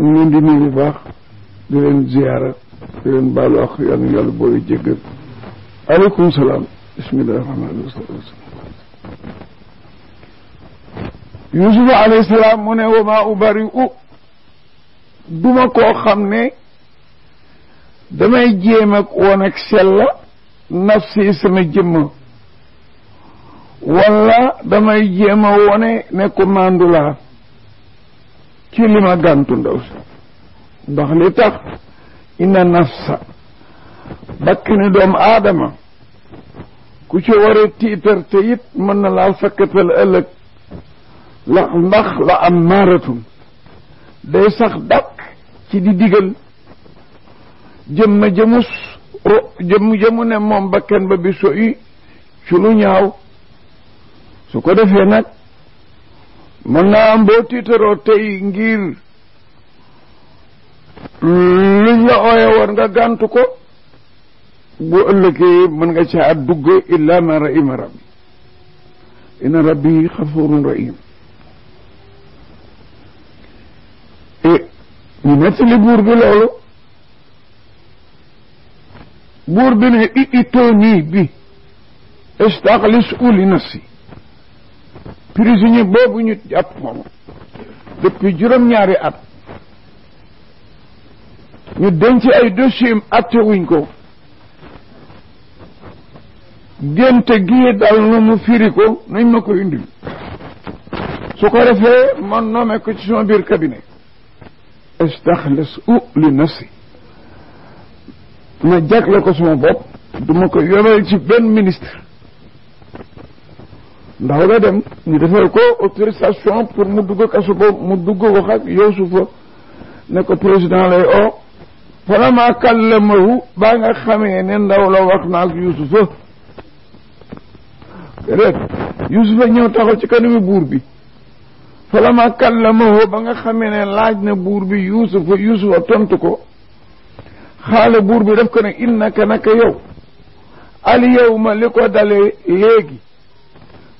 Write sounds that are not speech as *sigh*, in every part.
ñu leen di nuyu baax di ziyaara di baalu ak yàlla na booy jéggal aleykum salaam bismillahi rahmaani rahiim yusufa salaam mu wa maa ubari u duma koo xam ne damay jéem wone woon ak sella nafsi sama jëmm wala damay jéem wone ne ko mandu ci li ma gàntu ndaw si ndax li tax inna nafsa bakkani doomu aadama ku ci war tiitar te it mën na laa sakkatal ëllëg la ndax la am maaratum day sax dàq ci di digal jëmma jëmus ro jëmm jëmu ne moom bakkan ba bi so ci lu ñaaw su ko defee nag mën naa am boo tiitaroo tey ngir luñ la ooye war nga gàntu ko bu ëllëgee mën nga caa dugg illa ma rahima rabbi inna rabbi xafurun rahim e ñu nettali buur bi loolu buur bi ne i itoo nii bi istaxlis uli nafsi prisonnier boobu ñu jàpp moom depuis juróom-ñaari at ñu denc ay dossier atte wuñ ko génte gii dal nu mu firi ko nañ ma ko indil su ko defee man noome ko ci sama biir cabinet istaxlis u li nafsi ma jagle ko sama bopp du ko yobal ci benn ministre ndaw nga dem ñu defal ko autorisation pour mu dugg kaso boobu mu dugg wax ak yusufa ne ko président lay o falama kallamahu ba nga xamee ne ndaw la wax naag yusufa déedéet yusufa ñëw taxaw ci kanamu buur bi falama kallamahu ba nga xamee ne laaj na buur bi yusufa yusufa tontu ko xaale buur bi daf ko ne innaka naka yow al yawma li ko dalee léegi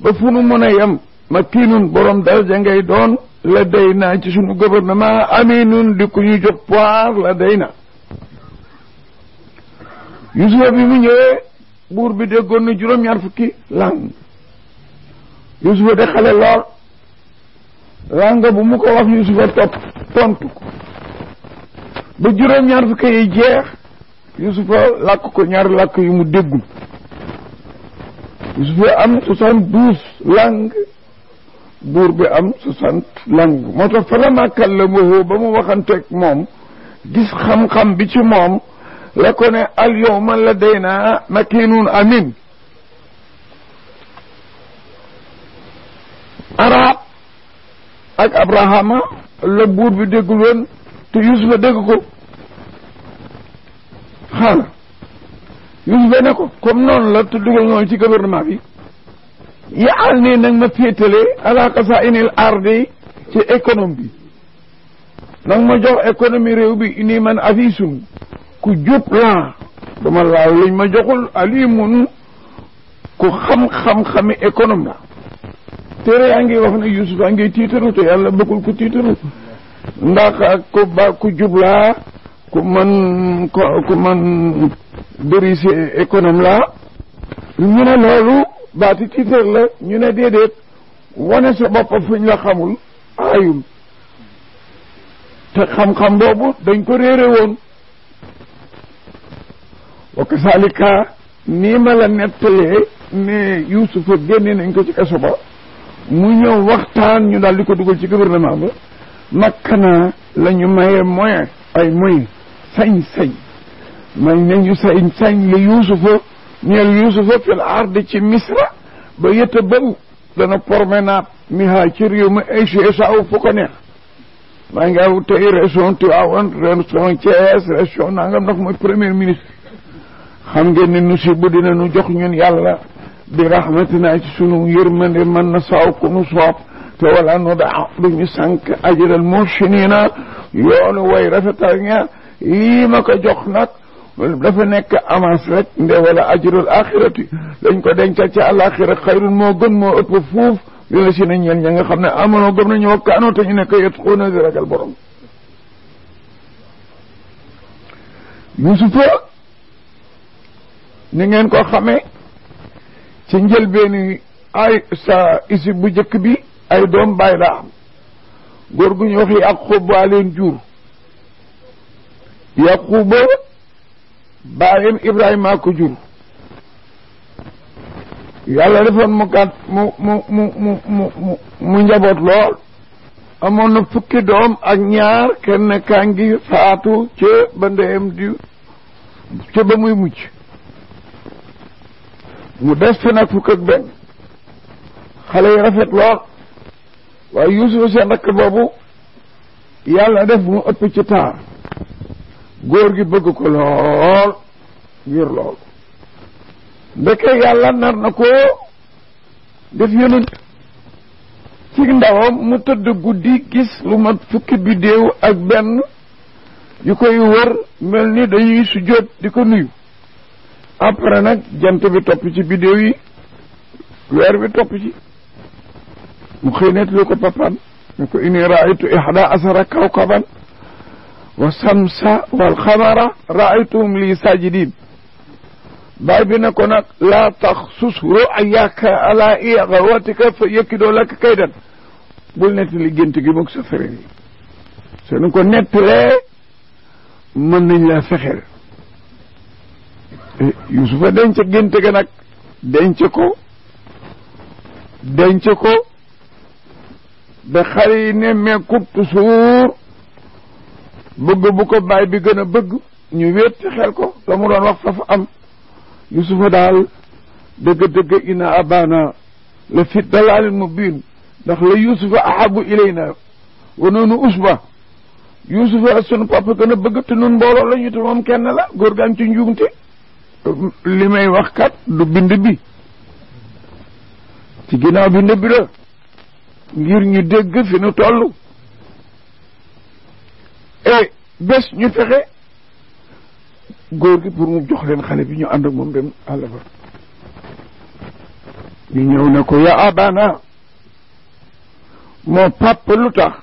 ba fu nu mën a yem makiinun borom daraja ngay doon la day naa ci sunu gouvernement aminun di ku ñu jox pouvoir la day na Yuusufa bi mu ñëwee buur bi déggoon na juróom-ñaar fukki lang Yuusufa de xale lool lang bu mu ko wax Yuusufa topp tontu ko ba juróom-ñaar fukki yi jeex Yuusufa làkk ko ñaar làkk yu mu déggul je am soixante douze langues buur bi am soixante langues moo tax falamaa kallamahu ba mu waxanteeg moom gis xam-xam bi ci moom la ko ne al yawma ladaynaa makiinun amin arab ak abrahama la buur bi déggul woon te yusufa dégg ko xaala yuñ ba ne ko comme noonu la te dugal noonu ci gouvernement bi yaal nii nag ma féetale ala xasaa'inil ardi ci économie bi nag ma jox économie réew bi ini man afiisum ku jub laa dama laal liñ ma joxul alimun ku xam-xam-xami économie la téere yaa ngi wax ne Yuusufa a ngi tiitaru te yàlla bëggul ku tiitaru ndax ku ba ku jub ku man ku man dérisie économe la ñu ne loolu baati tiitar la ñu ne déedéet wane sa bopp fuñ la xamul aayul te xam-xam boobu dañ ko réere woon wa kasalika nii ma la nettalee ne Yuusufa génne nañ ko ci kaso mu ñëw waxtaan ñu daal di ko dugal ci gouvernement ba makkanaa la ñu mayee moyen ay moyen سين سين ما ينجو سين سين ليوسف نيل يوسف في الأرض في مصر بيتبو لنا فرمنا ميها كيريو ما إيش إيش أو فكنا ما ينجو تير رسون تعاون رسون كيس رسون نعم نحن مي بريمير مينس خمجن نسيب دينا نجح نين يلا برحمتنا يسونو يرمن من نساو كنو صاب تولا نضع بني سنك أجر المرشنين يونو ويرفتا نين yii ma ko jox nag dafa nekk avance rek nde wala ajrul axirati dañ ko dencal ci àlaxira xayrun moo gën moo ëpp fuuf li si na ñeen ña nga xam ne amonoo gëm nañu wa kaanoo ñu nekk yetquuna di ragal borom Yuusufa ni ngeen ko xamee ci njëlbeeni ay sa isi bu jëkk bi ay doom bàyyi la am góor gu ñu wax yi ak xob waa leen jur yaquba baayam ibrahima ko jur yàlla defoon mu gàtt mu mu mu mu mu mu njaboot lool amoon na fukki doom ak ñaar kenn kaa ngi faatu ca ba ndeyam di ca ba muy mucc mu des fi nag fukk ak benn xale yi rafet lool waaye yuusufa seen rakk boobu yàlla def mu ëpp ci taar góor gi bëgg ko lool ngir loolu ndeke yàlla nar na ko def yonent ci ndawam mu tëdd guddi gis lu mat fukki biddéew ak benn yu koy wër mel ni dañuy sujjóot di ko nuyu après nag jant bi topp ci biddéew yi weer bi topp ci mu xëy neet lu ko papan ñu ko inni raaytu ihda asara kawkaban والسمسة والخمرة رأيتهم لي ساجدين بابنا كونك لا تخصص رؤياك على إي غروتك فيكد لك كيدا قلنا لي جنت جيبوك سفرين سنكون نت من لا فخر يوسف دنش جنت كنك دنشكو دنشكو دخلي نمي كنت سور bëgg bu ko baay bi gën a bëgg ñu wéet xel ko la mu doon wax fafa am yusufa daal dëgg-dëgg ina abana la fi dalaalin mubiin ndax la yusufa ahabu ilayna wa noonu usba yusufa sunu papa gën a bëgg te nun mbooloo la te moom kenn la góor gaam ci njuumte li may wax kat du bind bi ci ginnaaw bind bi la ngir ñu dégg fi nu toll et eh, bés ñu fexe góor gi mu jox leen xale bi ñu ànd ak moom dem àll ba ñu ñëw ne ko ya abana moo papa lu tax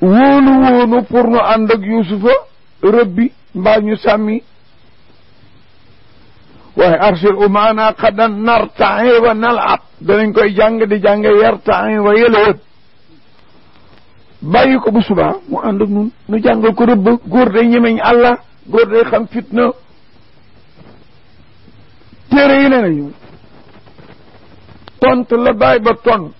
wóonu wóonu pour nu ànd yusufa rëbbi mbaa ñu sàmmi waaye arsil umaana xadan nartain wa nalab danañ koy jàng di jàng yartain wa yëlëwët bàyyi ko bu subaa mu ànd ak nun nu jàngal ko rëbb góor day ñemeñ àlla góor day xam fitna téere yi ne tont la bàyyi ba ton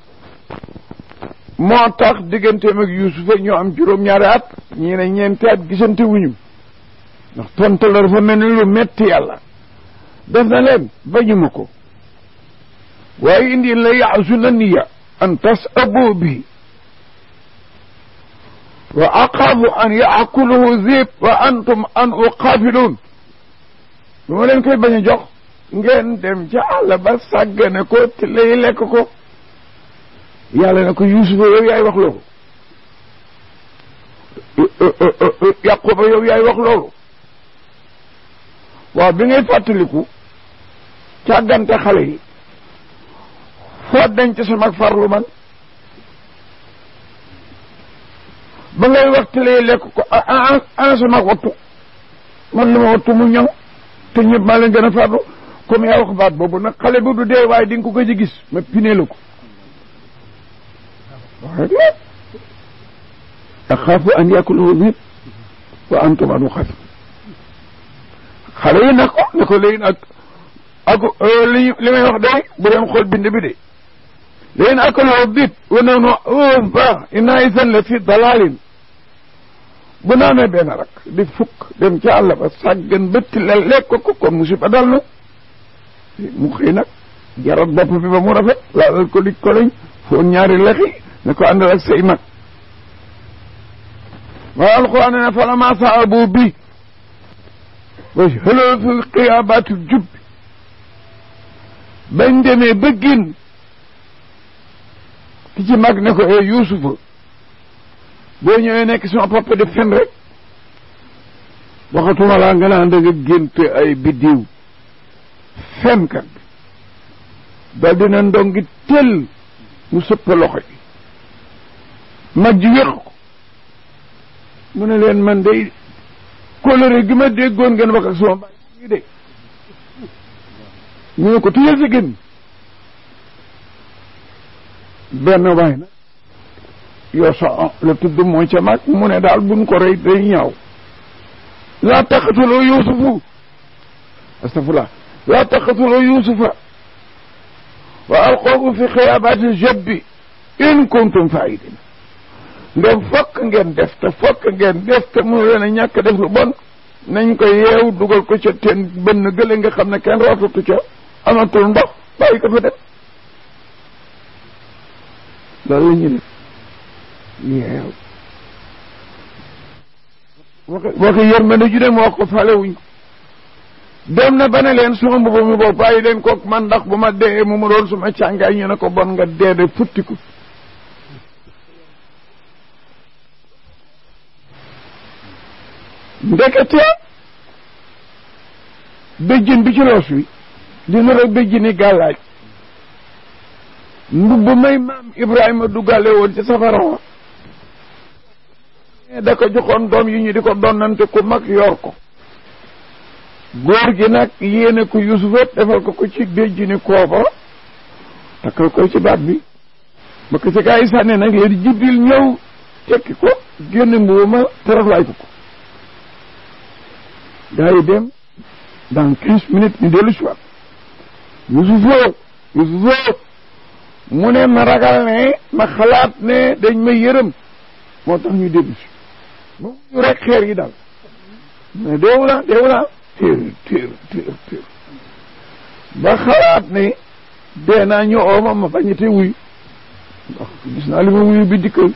moo tax digganteem ak Yuusufa ñoo am juróom-ñaari at ñii ne ñeenti at gisante ndax tont la dafa mel ni lu metti yàlla def na leen bañu ko waaye indi la yaasu na niya an tas abo bi وأقاب أن يأكله ذيب وأنتم أن أقابلون lu ma leen koy bañ a jox ngeen dem ca àll ba sàggane ko te lay lekk ko yàlla na ko yuusufa yow yaay wax loolu yaquba yow yaay wax loolu waaw bi ngay fàttaliku càggante xale yi foot dañ ci sama farlu man ba ngay waxtu lay lekk ko ah ah sama wattu man li ma wattu mu ñëw te ñëpp maa leen gën a farlu comme yaa wax baat boobu nag xale bu du dee waaye di nga ko gëj a gis ma pinee la ko. wax rek la axaafu an yakulahu nit wa antum anhu xaafiruun xale yi nag ne ko léegi nag ak euh, li li may wax day bu leen xool bind bi de léegi nag ak loo bit wa nanu ba inaa isan la fi dalalin بنانا بينا رك دي فك دي مجالة بساقن بتل الليكو كوكو مصيبة دالو مخينك جرد بابو في بمورة في لا لكو دي كولين فون ياري لخي نكو عند لك سيمك وقالقوا أننا فلما صعبوا بي وشهلوا في القيابات الجب بندمي بجين تجي مكنكو يا يوسفو boo ñëwee nekk sama papa di fen rek waxatuma laa nga naan da nga gént ay biddiw fenkat bi dal dina ndongi tëll mu sëppa loxo yi majj wéq ko mu ne leen man day kóllëre gi ma déggoon ngeen wax ak sama baay yi de ñu ne ko tëjal si gën benn waay nag yosa la tudd mooy ca mag mu ne daal buñ ko rey day ñaaw laa taqatuloo yusufu astafurlah laa taqatuloo yusufa wa alqooku fi xiyaabati jabbi in kuntum faidin ndem fokk ngeen def te fokk ngeen def te mu leen a ñàkk def lu bon nañ ko yeew dugal ko ca teen bënn gële nga xam ne kenn rootatu ca amatul ndox bàyyi ko fa def loolu la ñu def ñeew wax yërmande ju de moo ko falewuñ dem na ba ne leen suma mbubu mi boobu bàyyi leen kook man ndax bu ma dee mu mu doon suma càngaay ñu ne ko bon nga dee de futtiku ndekete béjjin bi ci loos wi di nara béjjini gàllaaj mbubb may maam Ibrahima dugale woon ci safara wa da ko joxoon doom yi ñu di ko donnante ku mag yor ko góor gi nag yéene ko Yusufa defal ko ko ci déjji ni kooba takkal ko ci baat bi ba ko ci gaa yi sànni nag leen Jibril ñëw tekki ko génn mbuuma teraflaay ko ko gaa yi dem dans quinze minutes ñu dellu si waat Yusufa Yusufa mu ne ma ragal ne ma xalaat ne dañ ma yërëm moo tax ñu dellu si moom ñu rek xeer yi daal mais deewu naa deewu naa tiir tiir ba xalaat ne dee naa ñu ooma ma bañete wuy ndax naa li ma wuyu bi dikkal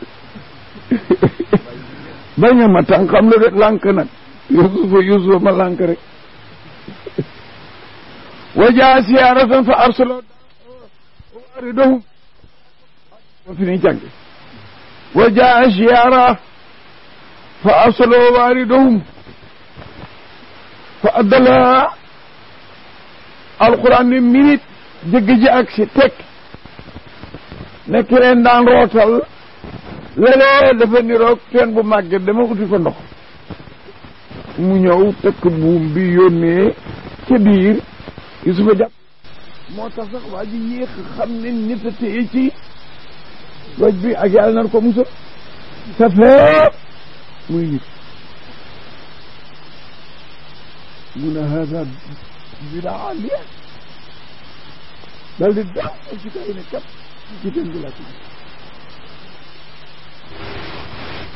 ma tànkam la de lànk nag yusufa ma lànk rek wajaa siyaaratan fa arsalo aridohum fi wajaa siyaara fa arsaloo waaridahum fa addalaa alquran ne minute jëgg ji ak si teg nekk leen rootal léeg-léeg dafa niroog teen bu màgget dama uti fa ndox mu ñëw tekk buum bi yónnee ca biir Yusufa jàpp moo tax sax waa ji yéex xam ne nit a téye bi ak yàlla nar ko musa sa fee مين من هذا بلا عالية بل الدعوة جدا إلى كف جدا بلا كف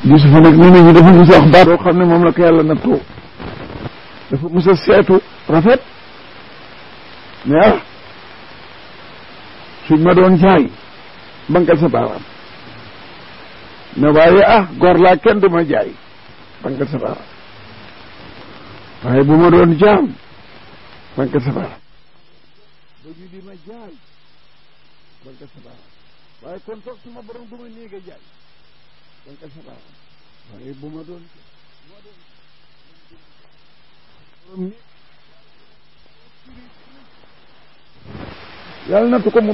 يوسف هناك مين يدفع موسى أخبار وقرن مملكة يلا نبتو دفع موسى سيئتو رفت نعم شو ما دون جاي بنكال سبارا nabaayi ah gor laa kenn du ma jaay banque sa baaraam waaye bu ma di majai, jaay banque sa baaraam waaye kon toog suma borom du ma néeg a jaay banque sa baaraam waaye don ko mu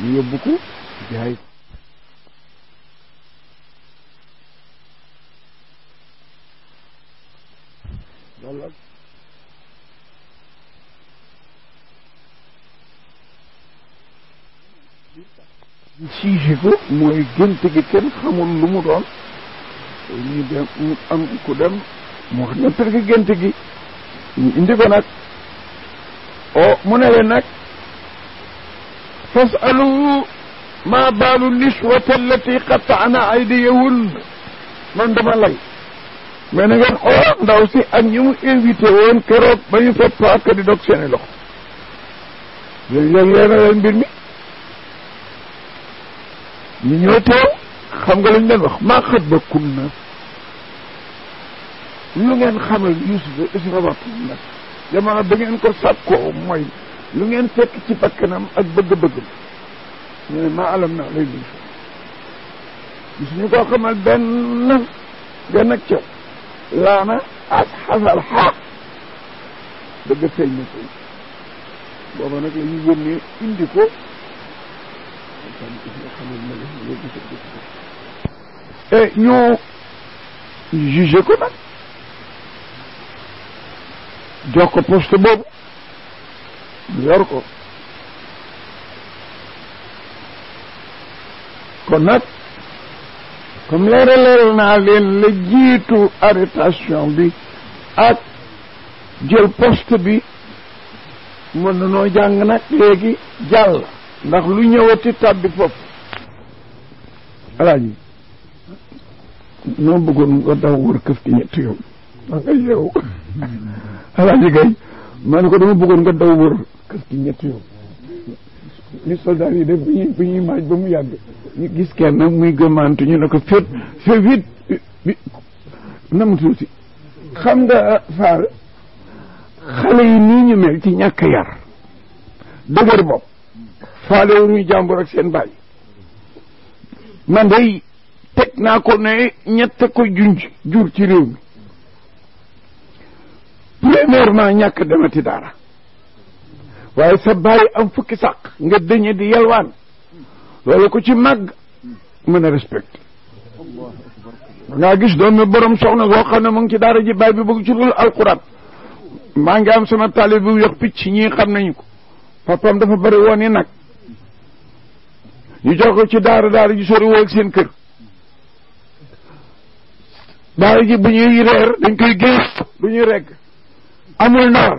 ñu yóbbu ko jaay loolu siige ko mooy gént gi kenn xamul lu mu doon ñu dem ñu am ku dem mu wax gi indi ko nag o oh, mu ne leen nag fasalu maa baalu niswata allati qatta'na aydiyahun man dama lay mais na ngeen oo ndaw si ak ñi mu invité woon keroog ba ñu fa paaka di dog seeni loxo léeg-léeg leena leen mbir mi ñu ñëw xam nga lañ leen wax maa xat ba kun xam lu ngeen xamal Yuusufa isra watum na jamono ba ngeen ko sàkkoo mooy lu ngeen fekk ci bakkanam ak bëgg-bëggam ñu ne maa alam na lay buñ fa gisuñu koo xamal benn benn ak ca laana ak xasal xaaq bëgg a feeñ na feeñ booba nag la ñu yónnee indi ko et ñu jugé ko nag jox ko poste boobu ñu yor ko kon nag kom leeralal naa leen la jiitu arrestation bi ak jël poste bi mën nanoo jàng nag léegi jàll ndax lu ñëwati tàbbi foofu yi noon bëggoon nga daw wër këf ti ñetti yow da nga yeew *laughs* ma ne ko dama bëggoon nga daw wër kër gi ñetti yoon li soldat yi def bu ñuy maaj ba mu yàgg ñu gis kenn muy gëmante ñu ne ko fét fét vit bi nam xam nga faal xale yi nii ñu mel ci ñàkk yar dëgër bopp faale wu ñuy jàmbur ak seen bàyyi man day teg naa ko ne ñett ko junj jur ci réew mi premièrement ñàkk demati daara waaye sa bàyyi am fukki sàq nga dëñe di yalwaan loolu ko ci màgg mën a respecté dangaa gis doom mi borom soxna soo xam ne mu ngi ci daara ji bàyyi bi bëgg ci dul alquran maa ngi am sama taali bi yox picc ñii xam nañu ko papam dafa bëri woon i nag ñu jox ci daara daara ji sori woo seen kër daara ji bu ñuy reer dañ koy gées bu ñuy regg amul naar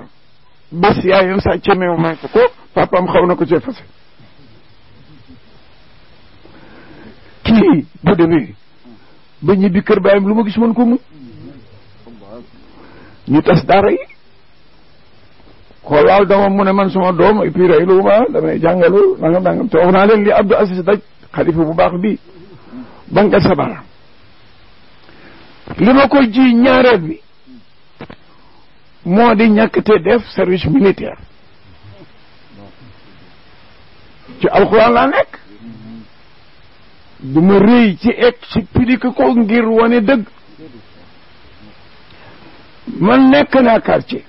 bés yaayam sàcce meew may ko ko papaam xaw na ko cee fase kii bu demee ba ñibbi kër baayam lu ma gis mën ko mu ñu tas daara yi xoolaal doomam mu ne man suma doom et puis reylu ma damay jàngalu nangam nangam te wax li Abdou Aziz daj xalifa bu baax bi ba nga sabara li ma ko ji ñaareel bi moo di ñàkk te def service militaire ci alxuraan laa nekk duma rëy ci expliquer ko ngir wane dëgg man nekk naa quartier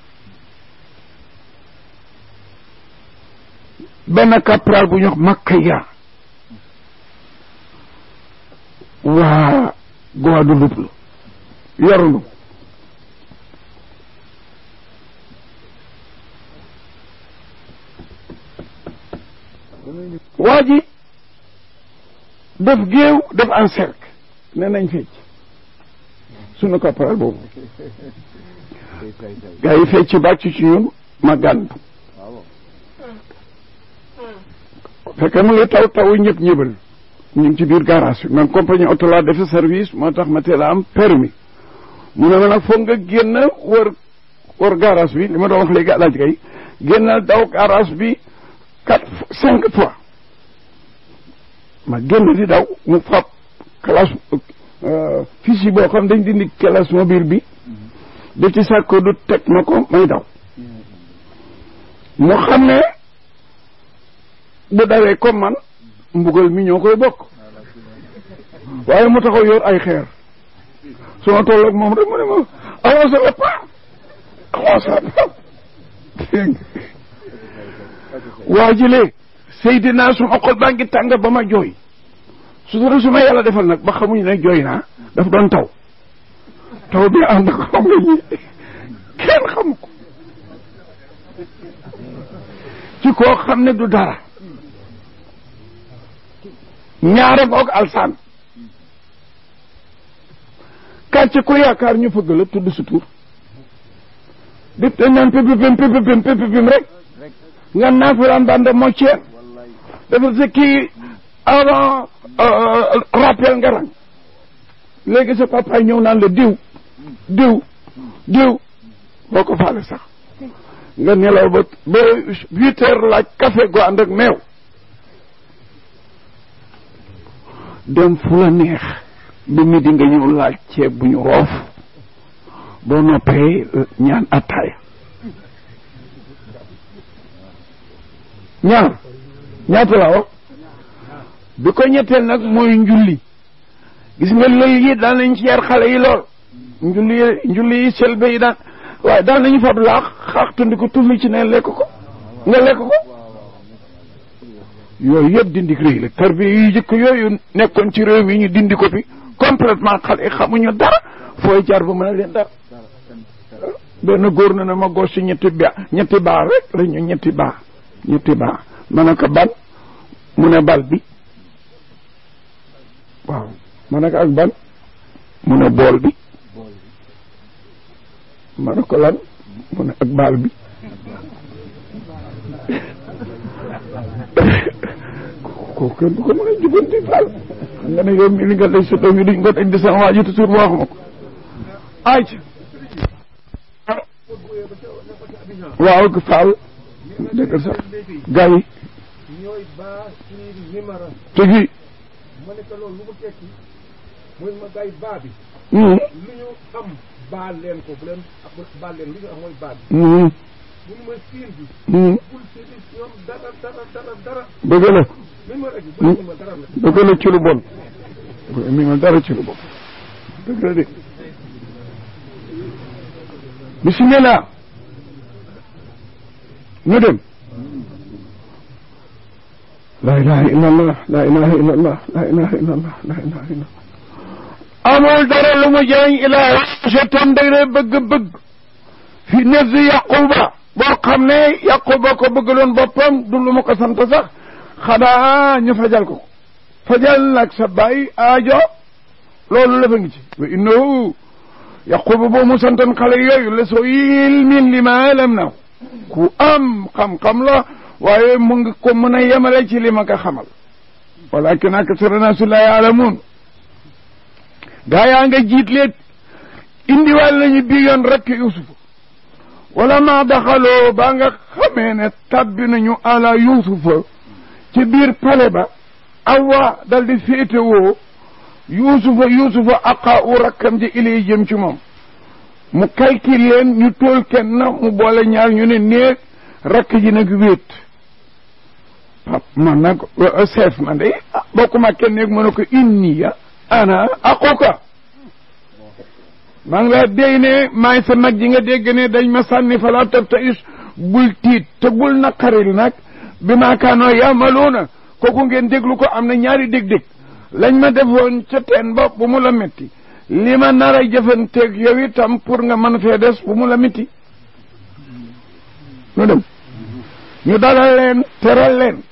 benn caporal bu ñu makka yaa waa goa du duplu yorunu waa ji def géew def en cercle ne nañ fecc sunu caporal boobu gars fecc bàcc ci ñun ma gàntu fekk mu ngi taw taw ñëpp ñëbal ñu ngi ci biir garage bi man compagnie oto laa defe service moo tax ma teel am permis mu ne ma nag foog nga génn wër wër garage bi li ma doon wax léegi àlaaj kay génn daw garage bi quatre cinq fois ma di daw mu fab classe eh, fii xam dañ classe mobile bi mm-hmm. di ci sàkko du teg ma may daw mu xam bu dawee comme man mbugal mi ñoo koy bokk mu taxaw yor ay xeer su toll ak moom rek ne pas pas waajalee Seydina suma xol baa ngi tàng ba ma jooy su dara su ma yàlla defal nag ba xamuñ ne jooy naa daf doon taw taw bi ànd ko xam nga ñi kenn xamu ci koo xam ne du dara ñaare ngoog alsaan kàcce ko yaakaar ñu fëgg la tudd sa tur dip dañ naan pépépim pépépim rek nga naafila ndande moitié dafa zikki avant euh, euh, rappel nga léegi sa papa ñëw naan la diw diw diw boo ko faale sax nga nelaw ba ba huit café gu ànd ak meew dem fu la neex ba midi nga ñëw laaj ceeb bu ñu roof boo noppee euh, ñaan attaaya ñaar ñaata la wax bi ko ñetteel nag mooy njulli gis nga léegi daan nañ ci yar xale yi lool njulli njulli yi selbe yi daan waaye daan nañu fab laax xaax tundi ko tuufi ci ne lekk ko nga lekk ko yooyu yëpp dindi réy la yu jëkk yooyu nekkoon ci réew yi ñu dindi ko fi completement xale yi xamuñu dara fooy jaar ba mën a leen dara benn góor na ne ma gos si ñetti ba ñetti baax rek la ñetti baax ñu tibaa manaka bal mune bal bi waaw manaka ak bal mune bol bi ma lan mune ak bal bi ko ko du ko mën a jubanti faal xam nga ne yow mi li nga tay su doom yi duñ ko di sa waaju tu sur waxu ay ci waaw fal dëggal sax gars yi te fii ma ne ko loolu lu mu tekki mooy ma gay baa mi ma dara la dëgg la ci lu bon mi ma ندم لا إله إلا الله لا إله إلا الله لا إله إلا الله لا إله إلا الله أمر در المجين إلى شتم دير بق بق في نزي يقوبا وقمي يقوبك بقلون بطن دل مقسم تسخ خدا نفجلك فجل لك سبعي آجو لولو لفنجي وإنه يقوب بو مسنتن قليو يلسو علم لما لم نو ku am xam-xam la waaye mu ngi ko mën a yemale ci li ma ko xamal walakin aksara naasu laa yaalamuun gaa yaa nga jiit leet indiwaal nañu bi yoon rekk yusufa wala maa daxaloo baa nga xamee ne nañu ala yusufa ci biir pale ba awa dal di féetewoo yusufa yusufa aqa u rakkam ji ilay jëm ci moom mu calcule leen ñu tool kenn mu boole ñaar ñu ne néeg rakk ji nag wéet pap nag seef euh, man de ah, bokkuma kenn néeg mu ne ko inniya ah, ana aquka ah, maa ngi laa déy ne maay sa mag ji nga dégg ne dañ ma sànni falaa tab ta bul tiit te bul naqaril nag bi maakaanoo yaamaluuna kooku ngeen déglu ko am na ñaari dég-dég lañ ma defoon ca teen ba bu mu la metti li ma nar a jëfanteeg yow itam pour nga mën fee des bu mu la miti nu dem ñu dalal leen teral leen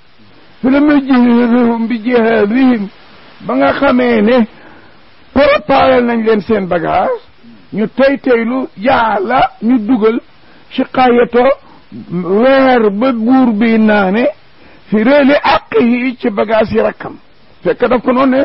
fi la muy jihadihum bi jihadihim ba nga xamee ne préparé nañ leen seen bagage ñu tey teylu yàlla ñu dugal ci xayato weer ba buur bi naane fi réeli àq yi ci bagage yi rakkam fekk daf ko noonu ne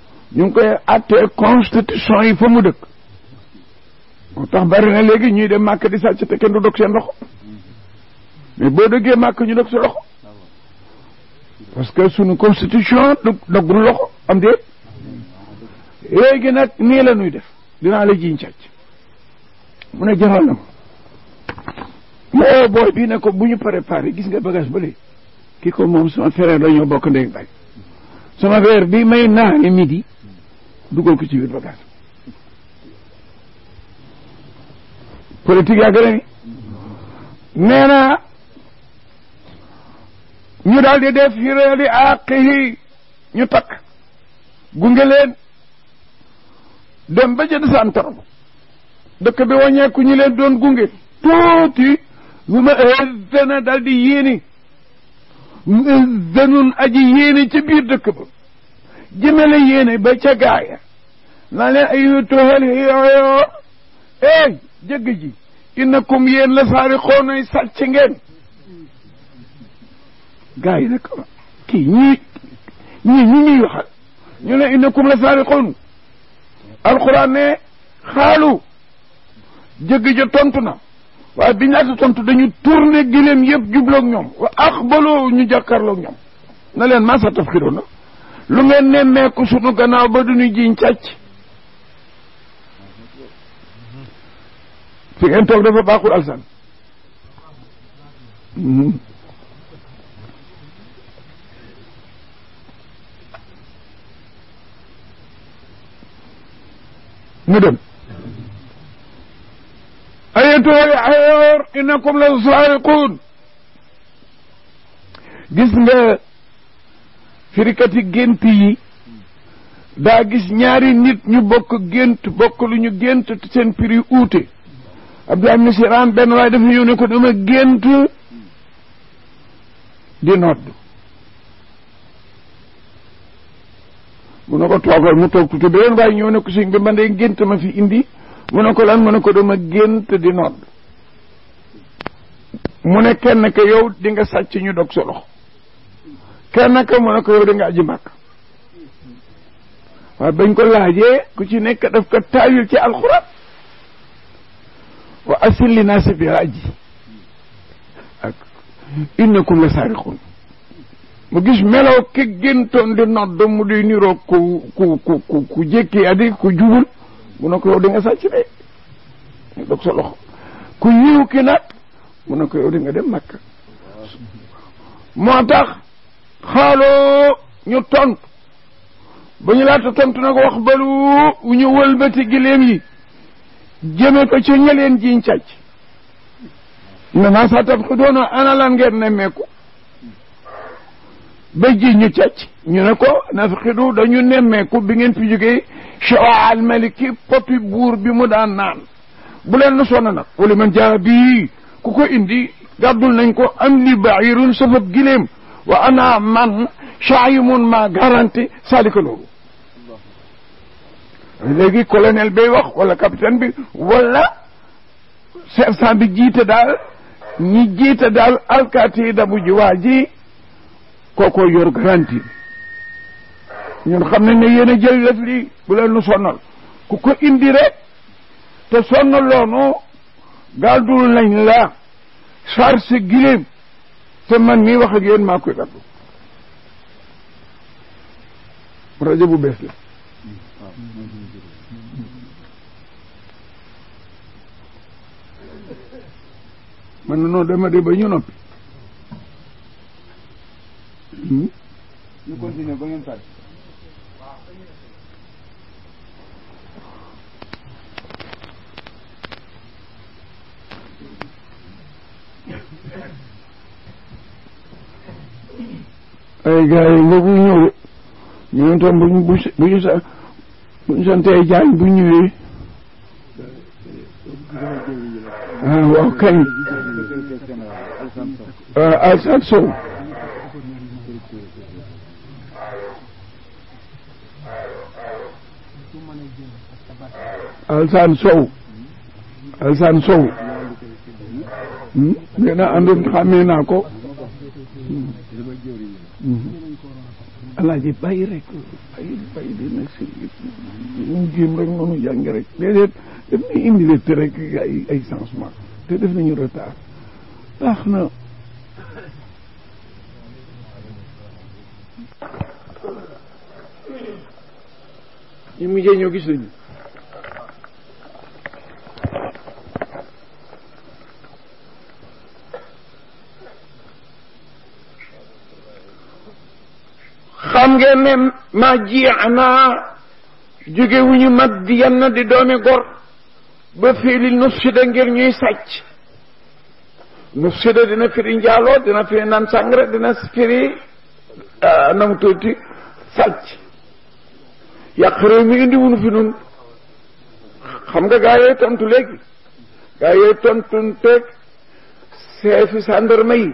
ñu ngi koy attee constitution yi fa mu dëkk moo tax bari na léegi ñuy dem màkk di sàcc te kenn du dog seen loxo mais boo dëggee màkk ñu dog sa loxo parce que suñu constitution du doggul loxo am déet léegi nag nii la ñuy def dinaa la jiñ càcc mu ne jaral na moo booy bii ne ko bu ñu préparé gis nga bagage ba ki ko moom sama frère la ñoo bokk ndey bay sama frère bi may naane midi dugal ko ci biir bagage politique yaa gën a ni nee ñu daal di def ñu daal di àq yi ñu takk gunge leen dem ba jënd saan torop dëkk bi wàññeeku ñu leen doon gunge tuuti lu ma dana daal di yéeni zanun aji yéeni ci biir dëkk ba jëmale yéene ba ca gaaya naa leen ayu toxal yooyo ey jëgg ji innakum yéen la saari xoonoy sàcc ngeen gaa yi nag kii ñii ñii ñi ñuy waxal ñu ne innakum la saari xoonu alquran ne xaalu jëgg ja tontu na waaye bi ñaata tont dañu tourné gileem yëpp jubloog ñoom wa aqbaloo ñu jàkkaarloog ñoom na leen maa sa tafkiroona lu ngeen nemmeeku sunu gannaaw ba du ñu jiñ càcc fi ngeen toog dafa baaxul alsan ñu dem ayatuhal ayoor innakum la saariquun gis nga firikati gént yi daa gis ñaari nit ñu bokk gént bokk lu ñu gént seen prix yu uute Abdoulaye Misiraan benn waaye dafa ñëw ne ko dama gént di nodd mu ne ko mu toog tuuti beneen waaye ñëw ne ko sëñ bi man de gént ma fi indi mu ne ko lan mu ne ko dama gént di nodd mu ne kenn ke yow di nga sàcc ñu dog sa kenn ka mu ne ko yow da nga bañ ko laajee ku ci nekk daf ko taawil ci alxuraan wa asil li naasi aji ak innakum la saariqun mu gis melaw ke géntoon di nodd mu di niroo ku ku ku ku jékki adi ku jubul mu ne ko yow da sa loxo ku yiw ki nag mu ne ko yow da dem màkk moo tax xaaloo ñu tontu ba ñu laata tontu nag wax balu ñu wëlbati gileem yi jëme ko ci ñeleen jiñ càcc na naa sa tab xi ana lan ngeen nemmeeku ba ji ñu ñu ne ko nafxidu dañu nemmeeku bi ngeen fi jógee shawaa al maliki popi buur bi mu daan naan bu leen na sonna nag wala man jaa ku ko indi gàddul nañ ko am li bairun sabab gileem wa ana man chaimun ma garanti salika loolu léegi colonel bay wax wala capitaine bi wala chef sant bi jiite daal ñi jiite daal alkaati yi dabu ji yor garanti bi ñun xam nañ ne yéen a jël def lii bu leen nu sonnal ku ko indi rek te sonnaloonu gaal dul nañ la charge giléem te man mi wax ak yéen maa koy dàgg rajo bu bees la man na noon dama de ba ñu noppi hmm? ñu continuer ba ay gars yi nga bu ñëw de ñoom itam buñ bu buñu sa buñ santee jaan bu ñëwee ah waaw kañ alsan sow alsan sow alsan sow nee na àndoon xàmmee naa ko alaaji bàyyi rek bàyyi bàyyi di nag si ñu jéem rek noonu jàngi rek déedéet def na indi te rek ay ay changement te def nañu retard baax na xam ngeen ne ma ji jóge wu ñu mag di na di doomi gor ba fii li nufsida ngir ñuy sàcc nufsida dina firi njaaloo dina firi nan sangre dina firi ah, nam tuuti sàcc yàq réew mi indi wunu fi nun xam nga gaa yooyu tontu léegi gaa yooyu tontu teeg seefi sàndarma yi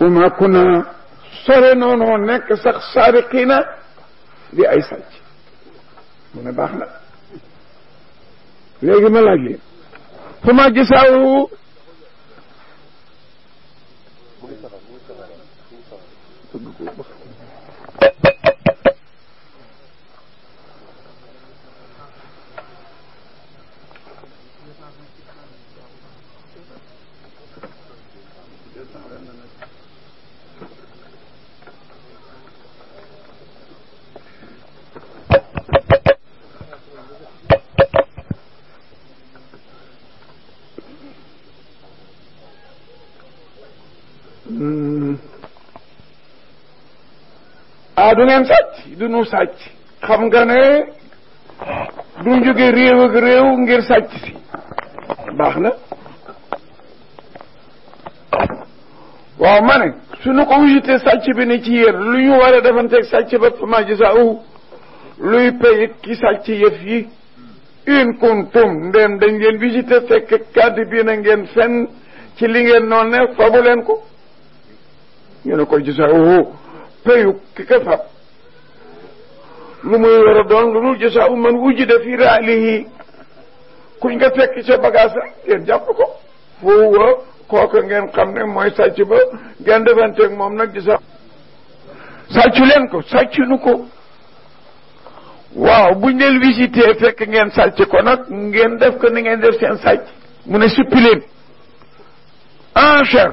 وما كنا سرنون ونك سخ سارقين دي اي سج من باخنا لغي ما لغي فما جساو ah du ngeen sàcc du nu sàcc xam nga ne du jóge réew ak réew ngir sàcc si baax na waaw ma ne suñu ko wuyutee sàcc bi ne ci yéen lu ñu war a defanteeg sàcc ba fa ma jasaa'u luy payit ki sàcc yëf yi in kuntum ndéem dañ leen visité fekk kàddu bi na ngeen fenn ci li ngeen noon ne fabu leen ko ñu ne ko jasaa'u payu ki ko fab lu muy war a doon lu dul jasa u man wujida fi raalihi kuñ nga fekk sa bagage la ngeen jàpp ko foowa kooka ngeen xam ne mooy sàcc ba ngeen defanteeg moom nag jasa sàccu leen ko sàccunu ko waaw buñ leen visité fekk ngeen sàcc ko nag ngeen def ko ni ngeen def seen sàcc mu ne suppi leen enchère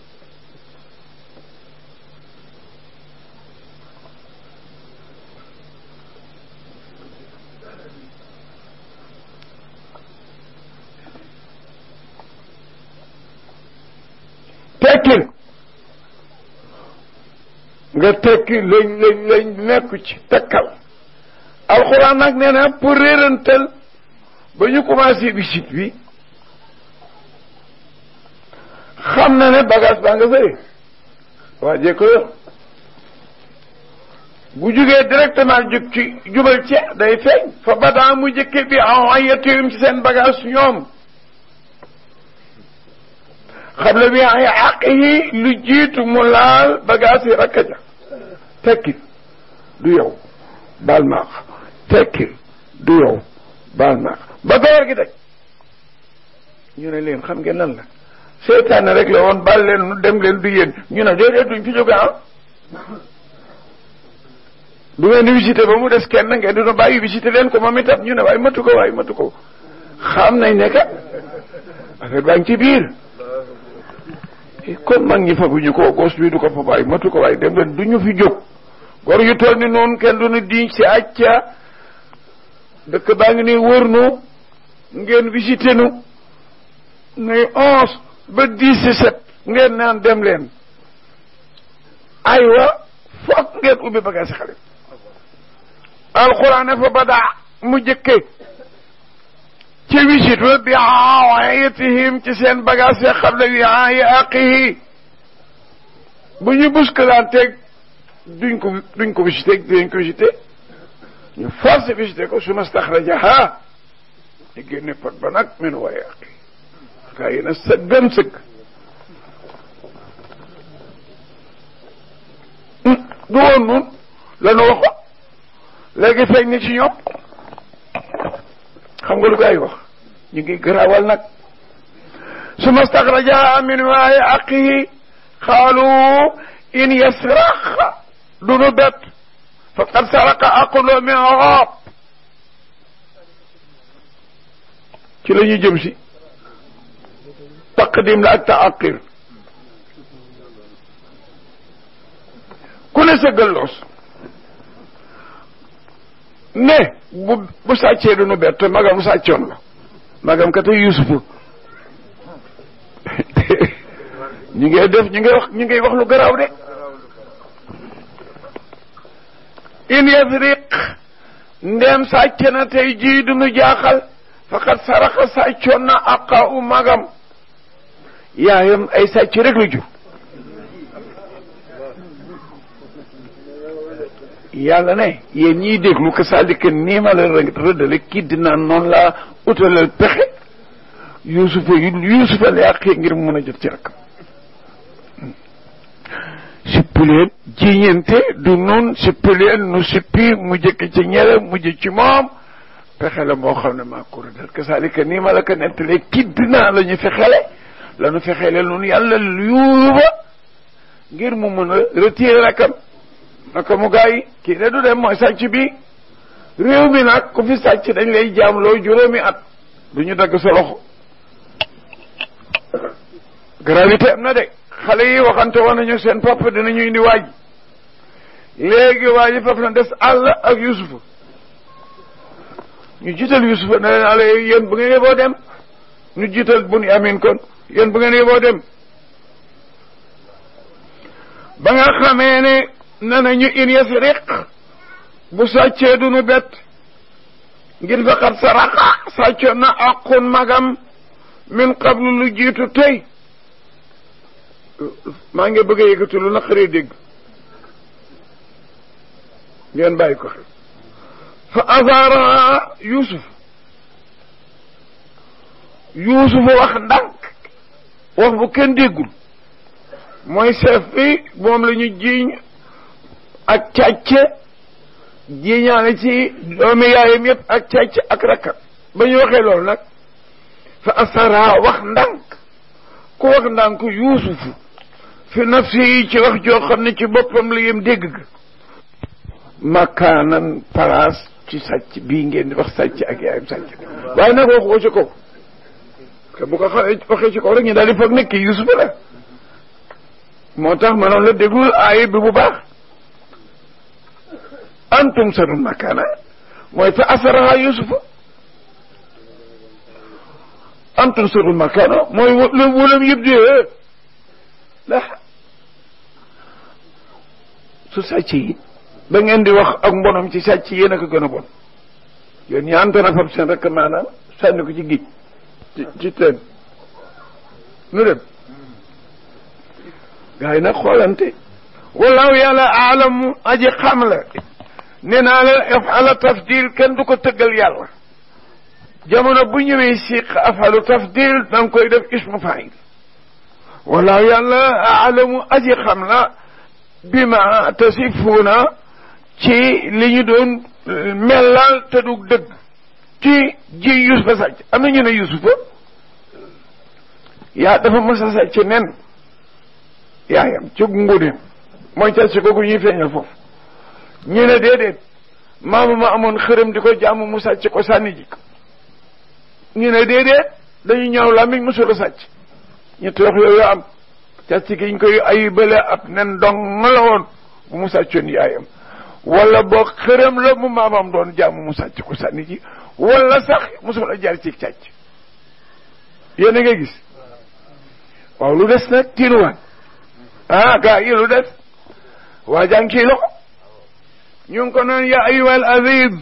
nga tekki lañ lañ lañ nekku ci tekkal alxuraan nag nee na pour réerantal ba ñu commencé visite bi xam na ne bagage baa nga fële waa jekko yoon bu jugee directement jug ci jubal ci day feeñ fa badaa mu jëkke bi awayatihum ci seen bagage ñoom xam la bi ay àq lu jiitu mu laal bagage yi rakka ja tekkil du yow baal maax tekkil du yow baal maax ba kawar gi daj ñu ne leen xam ngeen lan la seytaane rek la woon baal leen nu dem leen du yéen ñu ne déedéet duñ fi jóge ah du ngeen di visité ba mu des kenn ngeen dina bàyyi visité leen ko moom itam ñu ne waaye matu ko waaye matu ko xam nañ ne ka affaire ci biir kon mag ñi fabuñu ko gos bi du ko fa bàyyi matu ko waaye dem du ñu fi jóg gor yu toll ni noonu kenn du ñu diñ si acca dëkk baa ngi nuy wër nu ngeen visité nu nuy onze ba dix-sept ngeen naan dem leen aywa foog ngeen ubbi bagage xale alxuraan fa badaa mu jëkke تمشي بعوايتهم تسين بقاسي قبل رعاية أقه بني بوش كلانتك دينكو بشتك دينكو بشتك نفاس بشتك وشو مستخرجها يجي نفر بنك من وياقي كاين السدنسك دون نون لنوخو لقي فين نشيوك xam nga lu gaay wax ñu ngi garaawal nag summa staxraja min maa'i aqihi xaalu in yasrax du nu bet faqad saraqa aqulu min xoob ci la ñuy jëm si taqdim la ak taaqir ku ne sa gëlloos ne bu sàccee du nu bett magam sàccoon la magam ka tey yusufu *laughs* ñu ngi def ñu ngi wax ñu ngi wax lu garaaw de in yasriq ndem sàcc na tey jii du nu jaaxal faqat saraxa sàccoon na aqaa u magam yaayam ay sàcc rek la jur yàlla ne yéen ñiy déglu que saalika nii ma la rëddale kii dina noonu laa utalal pexe yusufa yusufa la yàqee ngir mu mën a jot ci rakkam suppi leen jiñante du nun suppi nu suppi mu jëkk ci ñele mujj ci moom pexe la moo xam ne maa ko rëddal que saalika nii ma la ko nettalee kii dinaa la ñu fexele la fexele nun yàlla yuusufa ngir mu mën a retirer naka mu gaay ki ne du dem moy sacc bi rew mi nak ku fi sacc dañ lay jam lo juromi at duñu dag so sa loxo gravité am na de xalé yi waxante woon nañu seen papa dinañu indi waji léegi waji faf na des àll ak yusuf ñu jiital yusuf na leen àll yeen bu ngeen bo dem ñu jiital bun amin kon yeen bu ngeen bo dem ba nga xamé ne ñu in yasriq bu sàccee dunu bett ngir faqat saraqa sàccoon na aqun magam min qablu lu jiitu tey maa ngi bëgg a yëkkati lu naqaree dégg ngeen bàyyi ko xel fa asaara yusuf yusuf wax ndànk wax bu kenn déggul mooy chef bi moom la ñu jiiñ ak càcce ji ñaane ci doomi yaayam yëpp ak càcce ak rakkam ba ñu waxee loolu nag fa asara wax ndànk ku wax ndànk yuusufu fi nafsi yi ci wax joo xam ci boppam la yem dégg ga makaanan palaas ci sàcc bii ngeen di wax sàcc ak yaayam ci kaw te la moo tax ma noonu la déglul aaya bi bu baax أنتم سر مكانا ويتأثرها يوسف أنتم سر مكانا ولم يبدي لا su sàcc yi ba ngeen di wax ak mbonam ci cih, yéen a ko gën a bon yéen ñi ante na fab seen rek maanaam sànni ko ci gij ci ci teen nu dem gars wallahu yàlla aalamu aji xam nee naa la afala tafdil kenn du ko tëggal yàlla jamono bu ñëwee siq afalu tafdil da koy def ismu fail wala yàlla alamu aji xam bi ma tasifuuna ci li ñu doon mellal te du dëgg ci ji yusufa sàcc am na ñu ne yusufa yaa dafa mos a sàcc nen yaayam ci ngudem mooy sàcc googu ñuy feeñal foofu ñu ne déedéet maamu ma amoon xërëm di ko jaamu mu sàcc ko sànni ji ñu ne déedéet dañu ñaaw làmmiñ musul a sàcc ñetti wax yooyu am càcc giñ koy ayu bële ab nen dong la woon bu mu sàccoon yaayam wala boo xërëm la mu maamam doon jaamu mu sàcc ko sànni ji sax musul a jaar ci càcc yéen a gis waaw lu des nag tiinuwaan ah gaa yi des waa jàng kii loxo ñu ngi ko naan yaa ayuwal aziz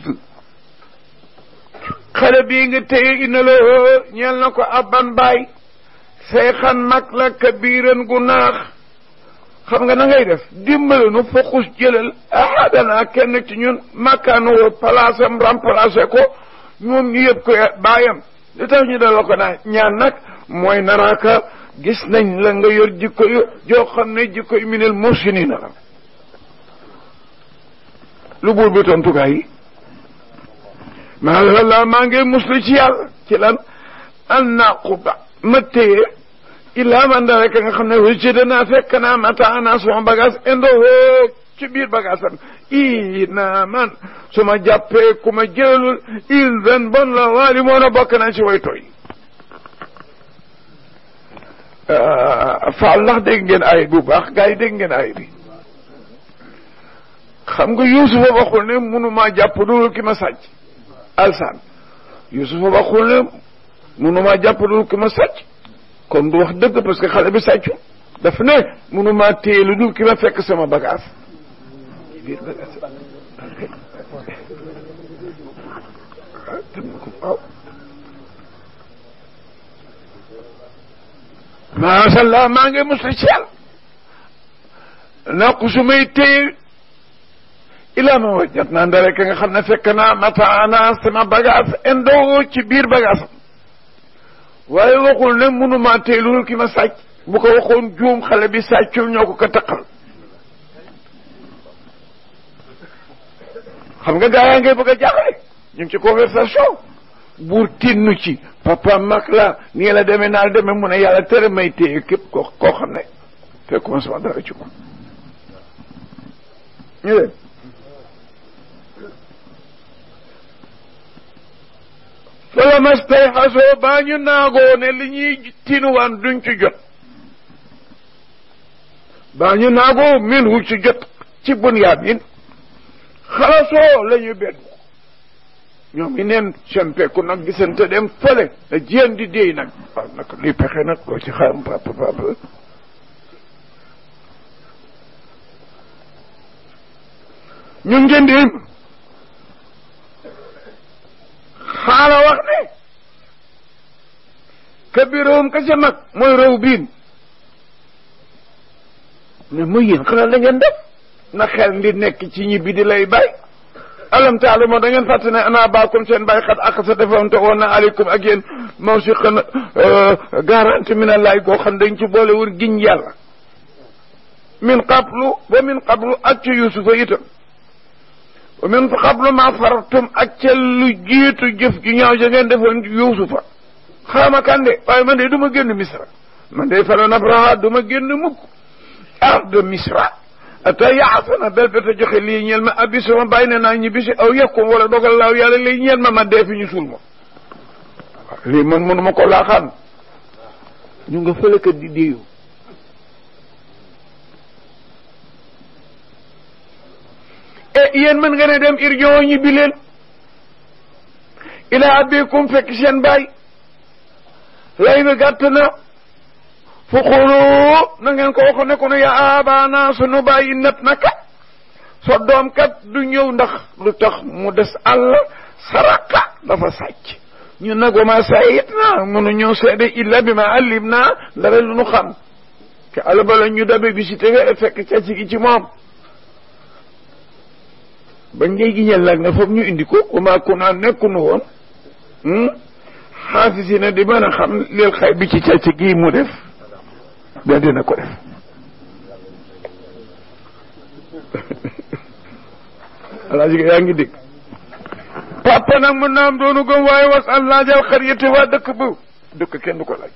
xale bii nga téye ina la ñeel na ko abban baay seyxan mag la kabiiran gu naax xam nga na ngay def dimbali nu foqus jëlal ahadana kenn ci ñun makkaanu woo palaasam remplacé ko ñoom ñu yëpp ko baayam li tax ñu dal la ko naa ñaan nag mooy naraaka gis nañ la nga yor jikko yu joo xam ne jikko yu minel mosinina la lu buur bi tontukaay yi maa la laa maa ngi muslu ci yàlla ci lan an naquba ma téye illaa man dara ka nga xam ne wajjada naa fekk naa mataana suma bagage indoo ci biir bagage am i naa man su ma jàppee ku ma jëlul izan bon la waali moo na bokk naa ci way ah, faal ndax dégg ngeen ay bu baax gars yi dégg ngeen bi xam nga yuusufa waxul ne munumaa jàpp dul ki ma sàcc alsaan yuusufa waxul ne munumaa jàpp dul ki ma sàcc kon du wax dëgg parce que bi sàccu daf ne munumaa téye lu ki ma fekk sama bagage biir bagage waaw macha maa ngi mos a na ko su ilaa ma wajjat naa ndare ka nga xam ne fekk naa mataana sama bagage indoo ci biir bagage am waaye waxul ne mënumaa tey lu ki ma sàcc bu ko waxoon juum xale bi sàccul ñoo ko ko xam nga gaa yaa ngay bëgg a jaaxle ñu ngi ci conversation buur tinnu ci papa mag la nii la demee naa demee mu ne yàlla tere may téye képp ko xam ne fekkuma sama dara ci ko ñu falammas tay xasoo baa ñu naagoo ne li ñuy tinuwaan duñ ci jot baa ñu naagoo min hu ci jot ci bunyamin xalasoo la ñu benn ñoom i neen sempeku nag gisante dem fële na jéen di déy nag nag luy pexe nag ñu ngeen di xaala wax ne kabiroom ka ca mag mooy raw biin ne mu yéen xanaa da ngeen def na xel ndi nekk ci ñibbi di lay bay alam taaluma da ngeen fàtte ne ana baakum seen bay xat ak sa defante woon na aleykum ak yéen maw si xan euh, garanti min allaay koo xam dañ ci boole wër giñ yàlla min qablu ba min qablu ak ci yusufa itam ومن قبل ما فرتم أكل لجيتو جف جنيا جنين ديفال يوسف خاما كان دي واي من دي دوما ген مصر من دي فلا نبره دوما ген مك أرض مصر أتا يعصنا بل بتجخ لي نيل ما أبيس ما ني بيسي أو يكو ولا دوغال الله يالا لي نيل ما ما دي في ني سول ما لي من من مكو لا خان نيغا فلك دي ديو E, yéen mën ngeen a dem irjoo ñibbi leen ila abikum fekk seen baay lay bi gàtt fu xulu na ko waxoon ko ne yaa abaana sunu baay nat na kat so kat du ñëw ndax lu tax mu des àll saraka dafa sàcc ñun nag wa sayit na mënu ñëw seede illa bi ma allim naa dara lu nu xam te àll ba la ñu dabe bi fekk ca ci gi moom bañ ngay giñal nag ne foog ñu indi ko kuma kunaa nekkunu woon hmm? xaasisi na di mën a xam leel xay bi ci càcc gii mu def da dina ko def *laughs* alaaji ga yaa ngi dégg papa nag mën naa am doonu gëm waaye was al laajal xariyati waa dëkk bu dëkk kenn du ko laaj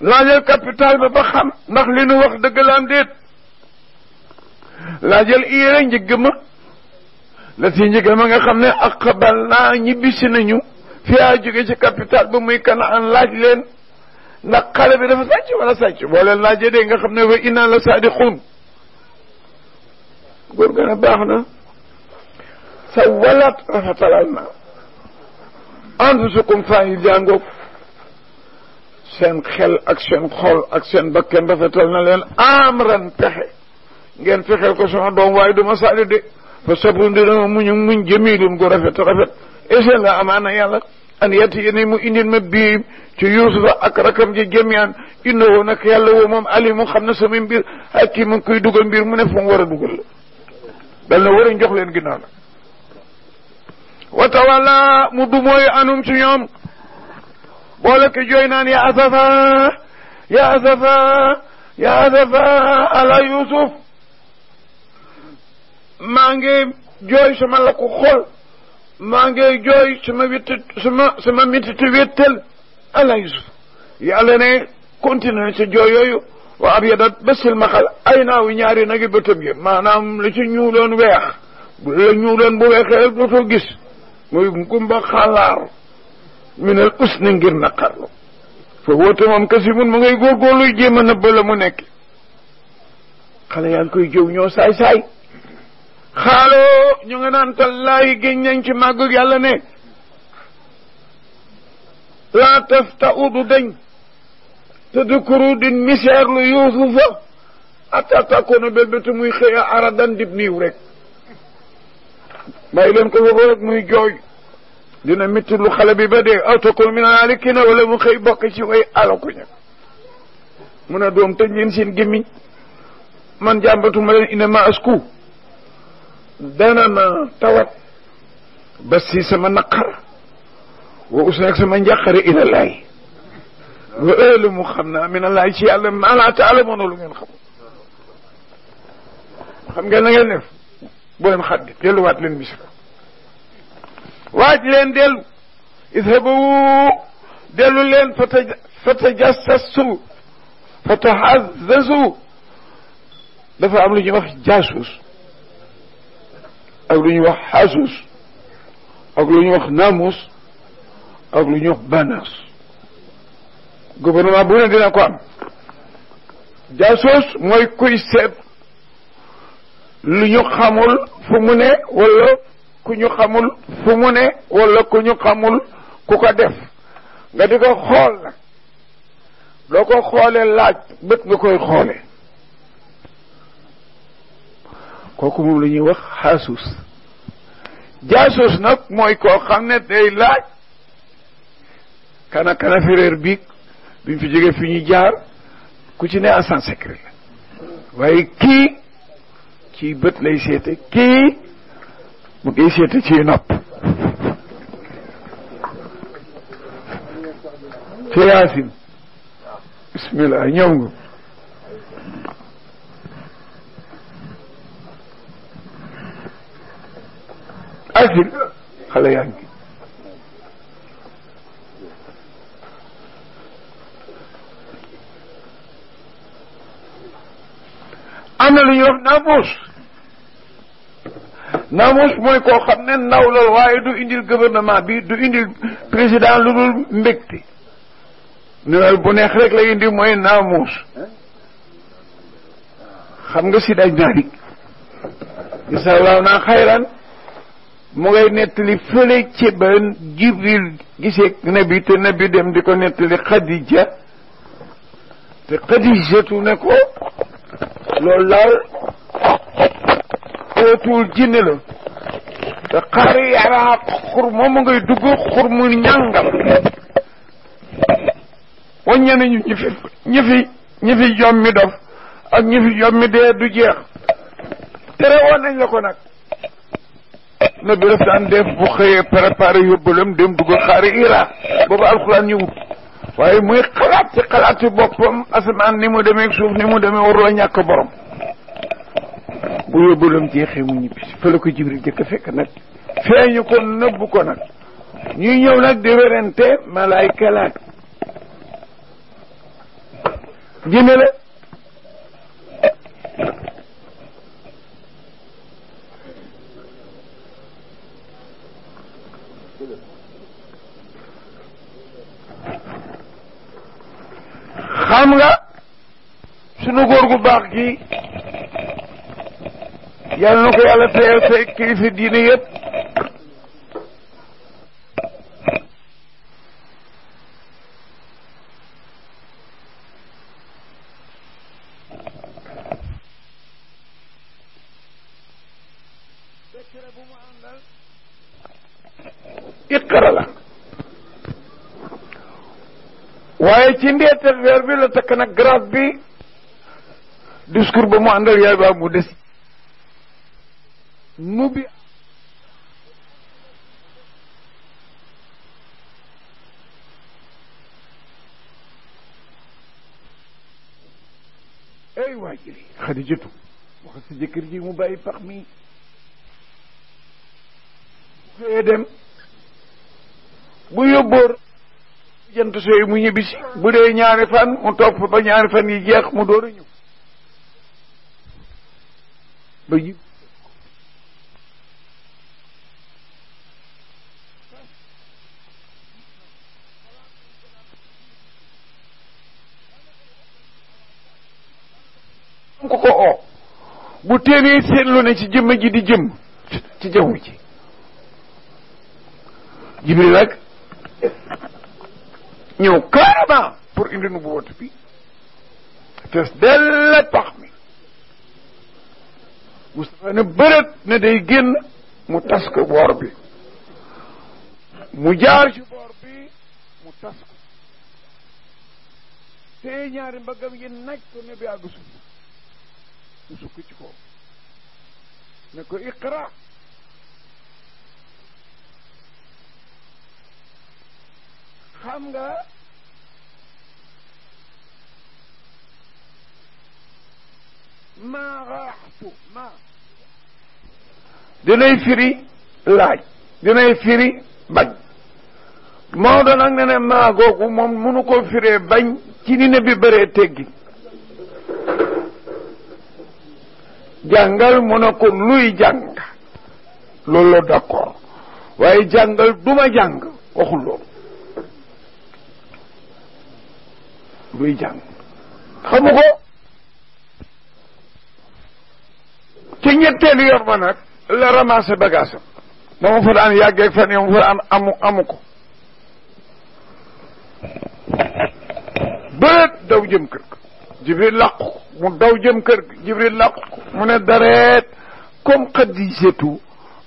laajal capital ba ba xam ndax li nu wax dëgg la am laajal iira njëgg ma la si njëgg ma nga xam ne aqbal naa ñibbisi nañu fiyaa jóge ci capital ba muy kanaan laaj leen ndax xale bi dafa sàcc wala sàcc boo leen nga xam ne wa inna la saadiqun góor gën a baax na sa walaat rafetalal na anfusukum faay jàngoog seen xel ak seen xol ak seen bakken rafetal na leen amran pexe ngeen fexeel ko sama doom waaye du ma saali de fa sabu ndinama muñu muñ jamiilun gu rafet rafet eseen la amaana yàlla an yatti yene mu indil ma biim ci yuusufa ak rakam ji jamian innahu nag yàlla woo moom ali mu xam na sama mbir hakki mu koy dugal mbir mu ne fu a dugal la dal na war a jox leen wa tawalla mu du anum ci ñoom boole ko ya asafa ya asafa ala yusuf maa ngi jooy sama lakku xol maa ngi jooy sama witti sama sama mititi wéttal ala Yusuf yàlla ne continué sa jooy yooyu wa abyadat bésil maxal ay naaw ñaari nagi bëtëb yi maanaam la ci ñuuloon weex bu la ñuuloon bu weexee dootoo gis muy gumba xalaar min al usni ngir naqarlu fa woote moom kasi mun mu ngay góorgóorluy jéem a nëbb la mu nekk xale yaa ngi koy jëw ñoo saay-saay xaaloo ñu nga naan tallaahi géñ nañ ci màggu yàlla ne laa tafta udu dañ tadkuru di misère lu yuusufa ata takkoona bélbétu muy xëy a aradan dib niiw rek bàyyi leen ko foofu rek muy jooy dina métti lu xale bi ba dee aw takkoon min alikina wala mu xëy bokk ci way alaku ña mu ne doom tëj leen seen gémmiñ man jàmbatuma leen inama asku دنما توت بس هي سما نقر وأسنك سما جقر إلى الله وإعلم خمنا من الله شيء علم ألا تعلم ونولو من خم خم قلنا ينف بوهم خد جلو وات لين بشك وات لين دلو اذهبوا دلو لين فتج... فتجسسوا فتحززوا دفع عملو جمخ جاسوسوا ak lu ñuy wax xasus ak lu ñuy wax namus ak lu ñuy wax banas gouvernement bu ne dina ko am jaasuus mooy kuy seet lu ñu xamul fu mu ne wala ku ñu xamul fu mu ne wala ku ñu xamul ku ko def nga di ko xool nag doo ko xoolee laaj bët nga koy xoole kooku moom la ñuy wax xaasuus jaasuus nag mooy koo xam ne day laaj kana kana féréer bi duñ fi jege fi ñuy jaar ku ci ne agent secret la waaye kii ci bët lay seete kii mu ngi seete ci nopp ci yaasin bismillah ñëw nga عاجل خليه ينجي ana namus namus mooy koo xam ne naw la waaye du indil gouvernement bi du indil président lu dul mbégte ne bu namus xam nga si mu ngay nettali fële ci ba Jibril gisee te nabi dem di ko nettali Xadija te Xadijatu ne ko loolu daal ootul jinne la te xari yaraa xur moom mu ngay dugg xur mu ñàngal waññe nañu ñi fi ñi fi ñi fi jom mi dof ak ñi fi jom dee du jeex tere woon nañ la ko nag ne bi daf daan def bu xëyee préparé yóbbalam dem dugg xaari ira boobu alxuraan ñëwut waaye muy xalaat ci xalaat ci boppam asamaan ni mu demee suuf ni mu demee waroo ñàkk borom bu yóbbalam jeexee mu ñibbi fa la ko jibril jëkk fekk nag feeñu ko nëbbu ko nag ñuy ñëw nag di werante malaayka laaj jinne la خامغا شنو غورغو باغي يالو كو يالا تيو تي كيف دين ييب اقرا لك waaye ci ndeetal ya, weer bi la takk nag grâce bi discours ba mu àndal yaay baa mu des nu bi ey waa jëli xadijatu wax sa jëkkër ji mu bàyyi pax mi bu dem bu yóbbóor jant sooy mu ñibbisi bu dee ñaari fan mu topp ba ñaari fan yi jeex mu door a ñëw ba jib ko ko oo bu téenee seetlu ne ci jëmm ji di jëm ci jaww ji jibril rek ñëw carrément pour indi nu boot bi tes del tax mi Moustapha ne bërët ne day génn mu tas ko bor bi mu jaar ci bor bi mu tas ko te ñaari mbagam yi naaj ko ne bi àgg su mu ci ko ne ko iqra xam nga maa raaxtu maa dinay firi laaj dinay firi bañ Maodo nag ne ne maa googu moom mënu ko bañ ci ni ne bi bëree teggi jàngal mu ne ko luy jàng loolu la d'accord waaye jàngal duma jàng waxuloo buy jàng xamu ko ci ñetteelu yoon ba nag la ramassé bagage ba fa daan yàggee fan yi fa daan amu amu ko bëreet daw jëm kër ga jibril làqu ko mu daw jëm kër ga jibril làqu ko mu ne dareet comme xadijatu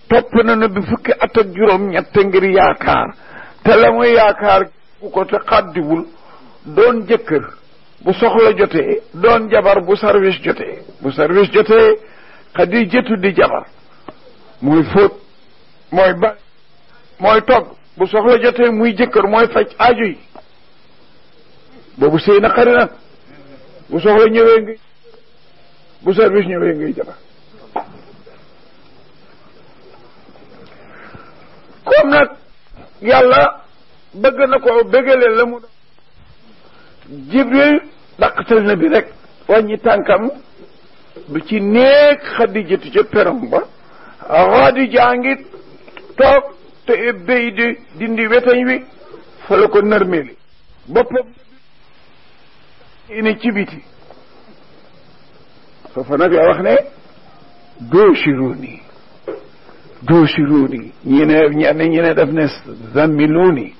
topp na ne fukki at juróom ñett ngir yaakaar te la muy yaakaar ku ko te xàddiwul doon jëkkër bu soxla jotee doon jabar bu service jotee bu service jotee xadijatu di jabar muy fóot mooy ba mooy togg bu soxla jotee muy jëkkër mooy faj aajo yi boobu sëy na xari na bu soxla ñëwee ngay jabar comme nag yàlla bëgg na ko bëggalee la mu jibril daqatal na bi rek wàññi tànkam bu ci néeg xadijatu ca perom ba xadija ngi toog te ebbey di dindi wetañ wi fa la ko narmeeli boppam ine ci biti foofa nag la wax ne dooshiruuni dooshiruuni ñi ne ñi ne def ne zammiluuni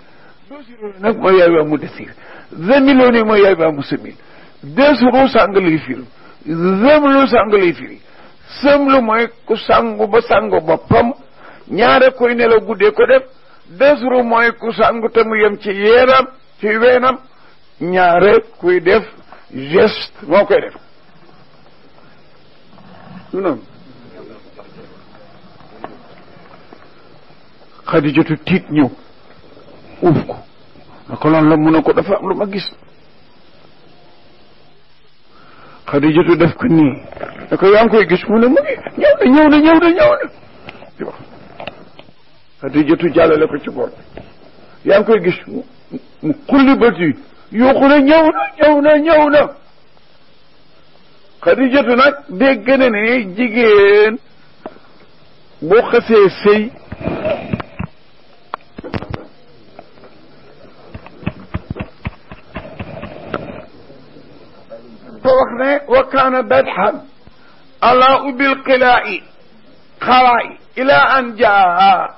dooshiruuni nag mooy yaay waa mu desir زميلوني ما يبقى مسميل دس رو سانغلي فيل زملو سانغلي فيل sëmlu mooy ku sangu ba sangu boppam ñaare kuy nelaw guddee ko def desru mooy ku sangu te mu yem ci yeeram ci weenam ñaare kuy def geste moo koy def lu tiit ñëw uuf ko konoon la mun a ko dafa am lu ma gis Xadijatu def ko nii da ko yaa ngi koy gis mu ne mu ngi ñëw na ñëw na ñëw na ñëw na di wax Xadijatu jàllale ko ci bor bi yaa ngi koy gis mu xulli bët yi yuuxu na ñëw na ñëw na ñëw na Xadijatu nag dégg na ne jigéen boo xasee sëy waxne wa kaana badxan allaau bilqilaa'i qalaa'i ilaa an jaa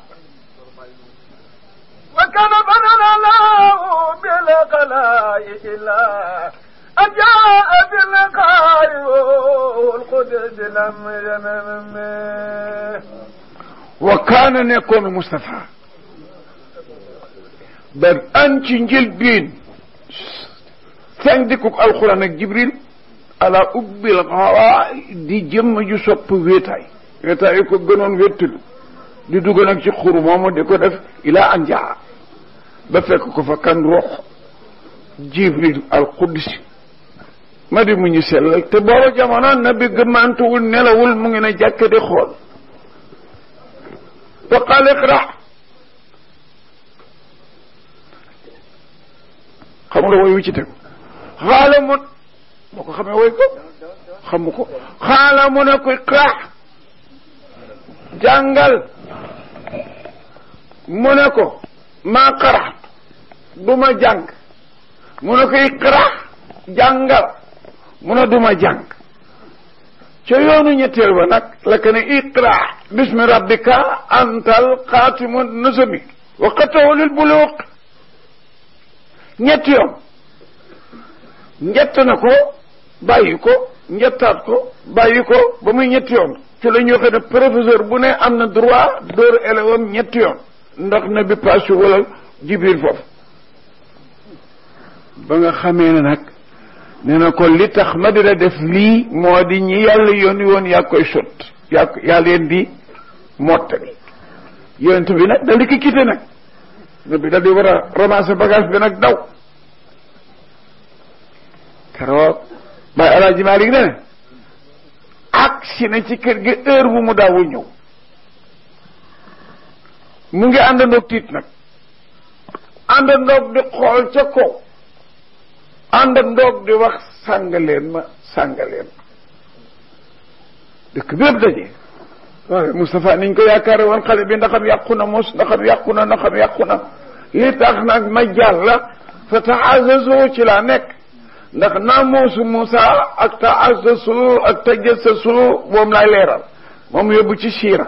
وكان بننا له بالقلاء إلى أن جاء بالقاء القدس لم يمم وكان نكون مصطفى بل أنت جلبين سندكك القرآن جبريل ala ubbil xawaa di jëmm ju sopp wéetaay wéetaay ko gënoon wéttalu di dugg nag ci xuru moomu di ko def ilaa anjaa ba fekk ko fa kan ruux jibril al qudsi ma di mu ñu sellal te booba jamono nabi gëmmantuwul nelawul mu ngi ne jàkk di xool fa qaal iqra xamula woy wi ci tegu xaala moo ko xamee woy ko xamu ko xaala mu ne ko kax jàngal mu ne ko maa xarax du ma jàng mu ne koy xarax jàngal mu ne du ma jàng ca yoonu ñetteel ba nag la ka ne iqra bismi rabbika antal xaatimu nusami wa xatahu lil buluq ñett yoon ñett na ko bàyyi ko ngettaat ko bàyyi ko ba muy ñetti yoon ci la ñu waxee bu ne am na droit dóor élève ñetti yoon ndax na bi passe wala ji biir foofu ba nga xamee ne nag nee na ko li tax ma di la def lii moo di ñi yàlla yónni yoon yaa koy sot yaa yaa leen di mottali yonent bi nag dal di ki nag ne bi dal di war a ramasser bagage bi nag daw keroog bay alaaji Malik ne ak si na ci kër gi heure bu mu daawul mu ngi àndandoog tiit nag àndandoog di xool ca kaw àndandoog di wax sàngaleen ma sàngaleen ma dëkk bépp daje waaye Moustapha niñ ko yaakaare woon xale bi ndaxam yàqu na mos ndaxam yàqu na ndaxam yàqu na li tax nag ma jàll fa taxasaso ci laa nekk ndax naamuusu Moussa ak taassasu ak tajassasu moom lay leeral moom yóbbu ci Chira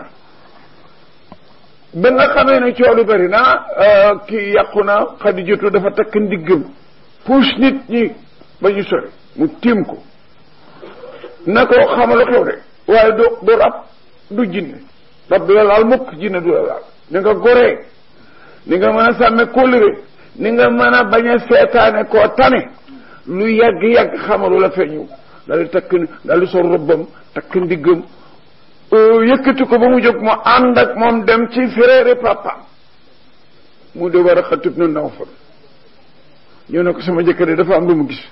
ba nga xamee ne coow lu bëri na euh, kii yàqu na dafa takk ndiggam puus nit ñi ba ñu sori mu tiim ko na ko xamalu xew de waaye du du rab du jinne rab du la laal mukk jinne du la laal ni nga goree ni nga mën a sàmme kóllëre ni nga mën a bañ a seetaane koo tane lu yàgg yàgg xamalu la feeñu daal di takk daal di sol robbam takk ndiggam yëkkati ko ba mu jóg mu ànd ak moom dem ci frère papa mu di war a xatut na ndaw fa ñëw ne ko sama jëkkër dafa am lu mu gis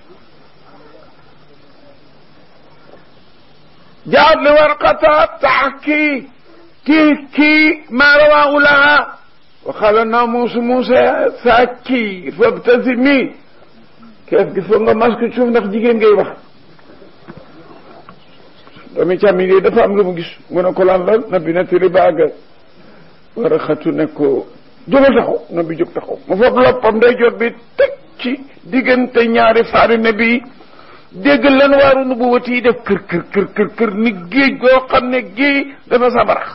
جاءت لورقة تحكي تحكي ما رواه لها وقال الناموس موسى فاكي فابتسمي keef gi foog nga masque suuf ndax jigéen ngay wax doomi càmmiñ yi dafa am lu mu gis mu ko lan la na bi nettali ba àgg war a xatu ne ko jógal taxaw bi jóg taxaw mu foog loppam day jot bi teg ci diggante ñaari faari ne bi dégg lan waaru nu bu wati yi def kër kër kër kër ni géej goo xam ne géej dafa sabarax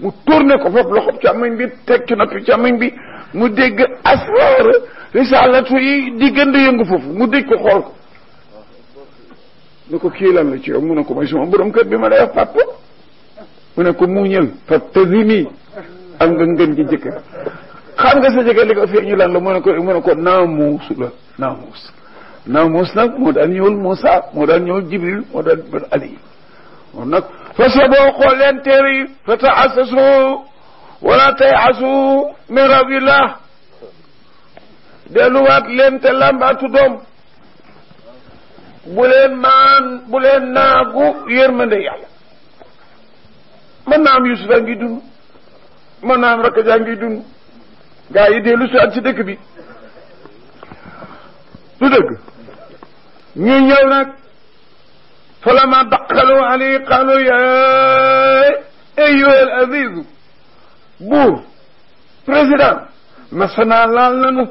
mu tourné ko foofu loxo càmmiñ bi teg ci noppi càmmiñ bi mu dégg asrar risalatu yi di gën di yëngu foofu mu dégg ko xool ko ne ko kii lan la ci yow mu ne ko mooy sama borom kër bi ma lay wax papa mu ne ko muñal fabtazimi am nga gën gi jëkkër xam nga sa jëkkër li ko feeñu lan la mu ne ko mu la naamuus naamuus nag moo daan ñëwul Moussa moo daan ñëwul Jibril moo daan ñëwul Ali moom nag fa sa boo leen téere yi fa taasasoo wala tey asu min rawillah delluwaat leen te làmbaatu doom bu leen naagu yërmande yàlla mën naa am Yuusufa ngi dund mën naa am rakk jaa ngi dund gaa yi bi du dëgg ñu ñëw nag falammaa daxaluu alayhi yaa ayyuhal aziizu buur président masanaa laal nanu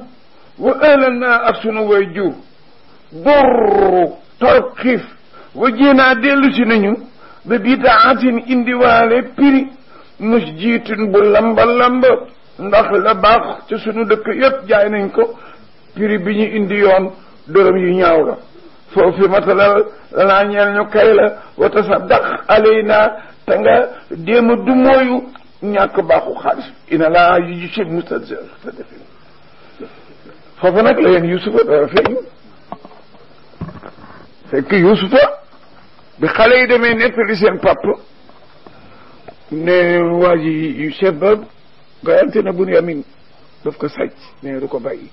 wa ëllëg naa ak sunu way jur borru toog xiif wa jéenaa dellu si nañu ba bidaatin indiwaale piri mus jiitin bu lamba lamba ndax la baax ci sunu dëkk yëpp jaay nañ ko prix bi ñu indi yoon dërëm yu ñaaw la foofu matalal lanaa ñeel ñu kay la wata sa dax alay naa te nga déema du mooyu ñàkk baaxu xaalis ina laa yu ci mustazir fa defe foofu nag la yéen yusufa dara feeñ fekk yusufa bi xale yi demee nettali seen pàpp ne waa ji yu chef ba gayante na bunyamin daf ko sàcc ne du ko bàyyi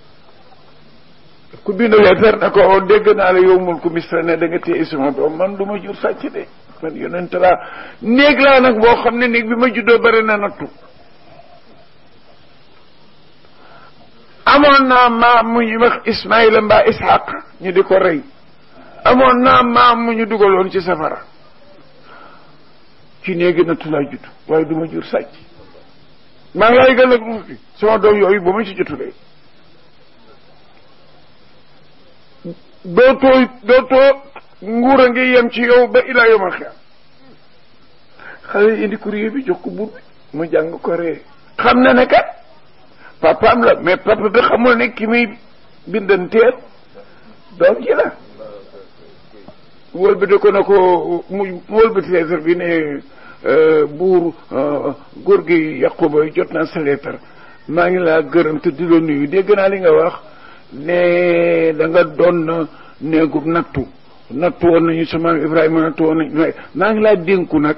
ku bind leetar ne ko dégg naa la yow mul ku misra ne da nga téye sama man du ma jur sàcc de man yonent laa néeg laa nag boo xam ne néeg bi ma juddoo bari na nattu amoon naa maam mu ñu wax Ismaïla mbaa Ishaq ñu di ko rey amoon naam maam mu ñu dugaloon ci safara ci néegi nattu laa judd waaye du jur sàcc maa ngi gën a tuuti sama doom yooyu bu ma ci jotulee dootoo dootoo nguur a ngi yem ci yow ba ilaa yoma xeer xale yi indi bi jox ko buur bi mu jàng ko ree xam na ne kat papaam la mais papa bi xamul ne ki muy bindanteel doom ji la wëlbati ko na ko mu wëlbati lettre bi ne euh, buur euh, góor gi Yaquba jot naa sa lettre maa ngi laa gërëm te di la nuyu dégg naa li nga wax ne da nga néegub nattu nattu nañu sama maam Ibrahima nattu woon nañu maa ngi laa dénku nag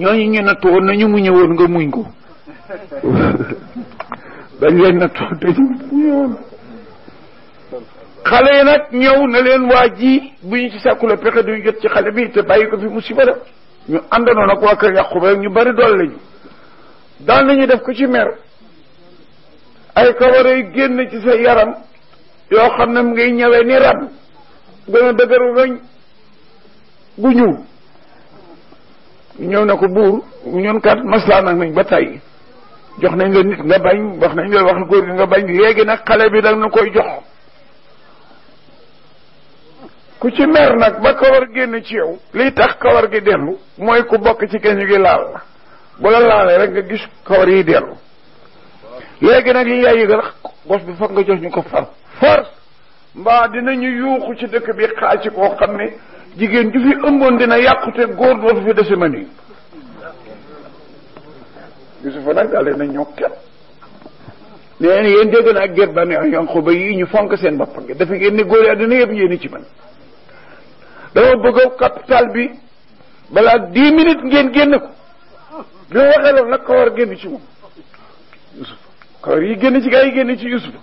ñooñu ñu nattu woon nañu mu ñëwoon nga muñ ko dañ *laughs* leen nattu woon dañu mu ñëwoon xale yi nag ñëw na leen waa ji bu ñu ci sàkkule pexe duñu jot ci xale bi te bàyyi ko fi musiba la ñu àndandoo nag waa kër Yaquba ñu bari dool lañu daal nañu def ko ci mer ay kawar yi génn ci sa yaram yoo xam ne mu ngay ñëwee ni rab gën a dëgëru rëñ gu ñuul ñëw na ko buur ñun kat maslaa nag nañ ba tey jox nañ la nit nga bañ wax nañ la wax góor gi nga bañ léegi nag xale bi dang na koy jox ku ci mer nag ba kawar génn ci yow liy tax kawar gi dellu mooy ku bokk ci kenn gi laal la bu la laalee rek nga gis kawar yi dellu léegi nag yi yaay yëgal gos bi foog nga jox ñu ko far force mbaa ñu yuuxu ci dëkk bi xaa ci koo xam ne jigéen ju fi ëmboon dina yàqute góor dootu fi dese ma Yusufa nag daal na ñokket nee na yéen dégg naa gerte ba ne Yanquba yi ñu fonk seen bopp ngi dafa ngeen ne góor yi àddina yëpp yéen ci man dama bëgg a capital bi balaa dix minutes ngeen génn ko bi ma waxee loolu nag kawar génn ci moom Yusufa kawar yi génn ci gaa yi génn ci Yusufa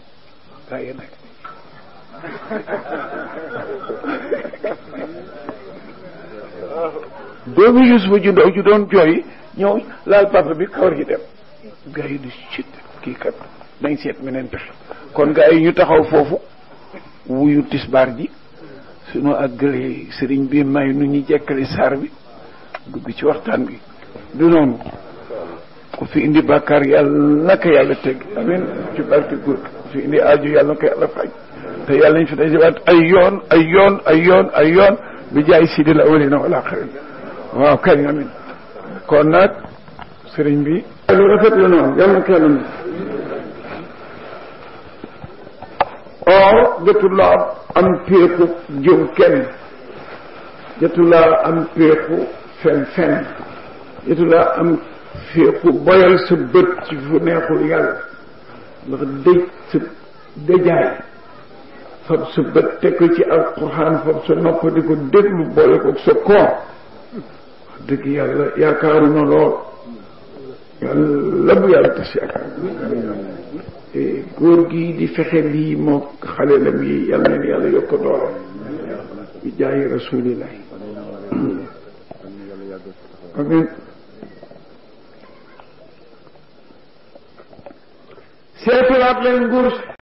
doomu Yuusufa ju ndaw ju doon jooy ñëw laal papa bi kawar gi dem gars yi di sit kii kat dañ seet meneen pexe kon gars yi ñu taxaw foofu wuyu tisbaar ji suñu àggalee sëriñ bi may nu ñu jekkale saar bi dugg ci waxtaan bi du noonu ku fi indi bàkkaar yàlla naka yàlla teg amin ci barke góor ku fi indi aaju yàlla naka yàlla faj تيالين في تيزيبات أيون أيون أيون أيون بجاي سيد الأولين والآخرين ما كان يمين كونات سرين بي قالوا رفت لنا يوم كلمة أو جتو لا أم بيكو جيو كن جتو لا أم بيكو فن فن جتو لا أم بيكو بيال سبت فنيخو يال لقد ديت سبت دجاي دي fab sa bët teg ko ci alquran fab sa nopp di ko déglu boole ko sa koor dëgg yàlla yaakaaru na lool yàlla bu yàlla tas yaakaar góor gi di fexe lii moo xale lam yi yàlla neen yàlla yokk doole bi jaayi rasulillah amin seetulaat leen nguur